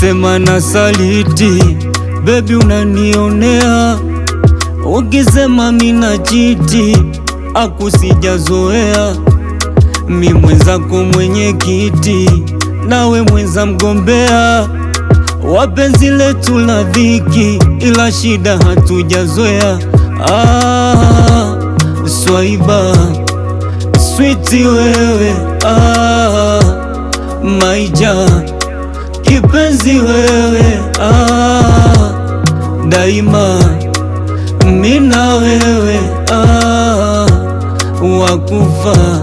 sema na saliti bebi, unanionea. Ukisema mina chiti akusijazoea. Mi mwenzako mwenye kiti, nawe mwenza mgombea. Wapenzi letu la dhiki, ila shida hatujazoea. Ah, swaiba switi wewe ah, maija kipenzi wewe, ah, daima mina wewe, ah, wakufa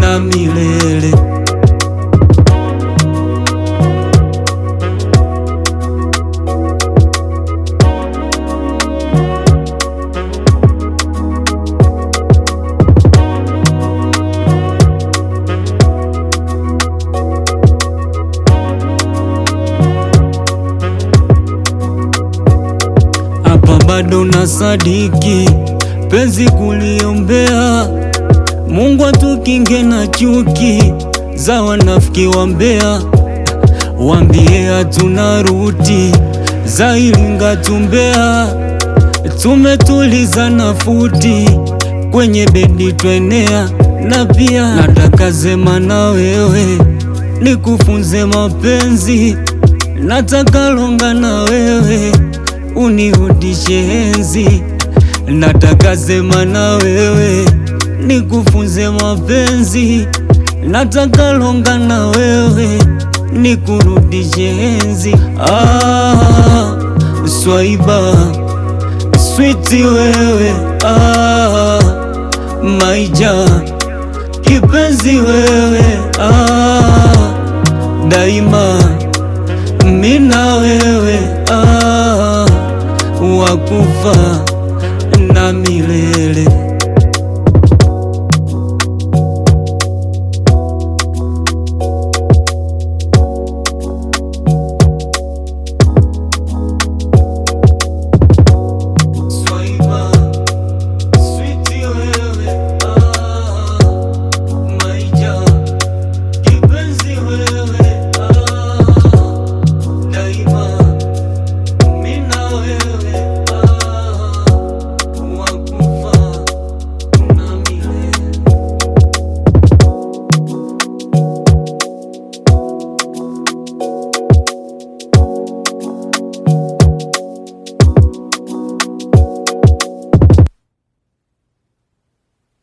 na milele bado na sadiki penzi kuliombea, Mungu atukinge na chuki za wanafiki wa mbea, wambie hatuna ruti za ilinga tumbea, tumetuliza na futi kwenye bedi twenea, na pia nataka sema na wewe nikufunze mapenzi, nataka longa na wewe unirudishe enzi, nataka sema na wewe, nikufunze mapenzi, nataka longa na wewe, nikurudishe enzi. Ah, Swaiba switi wewe, ah, maija kipenzi wewe, ah, daima mina wewe, ah wa kufa na milele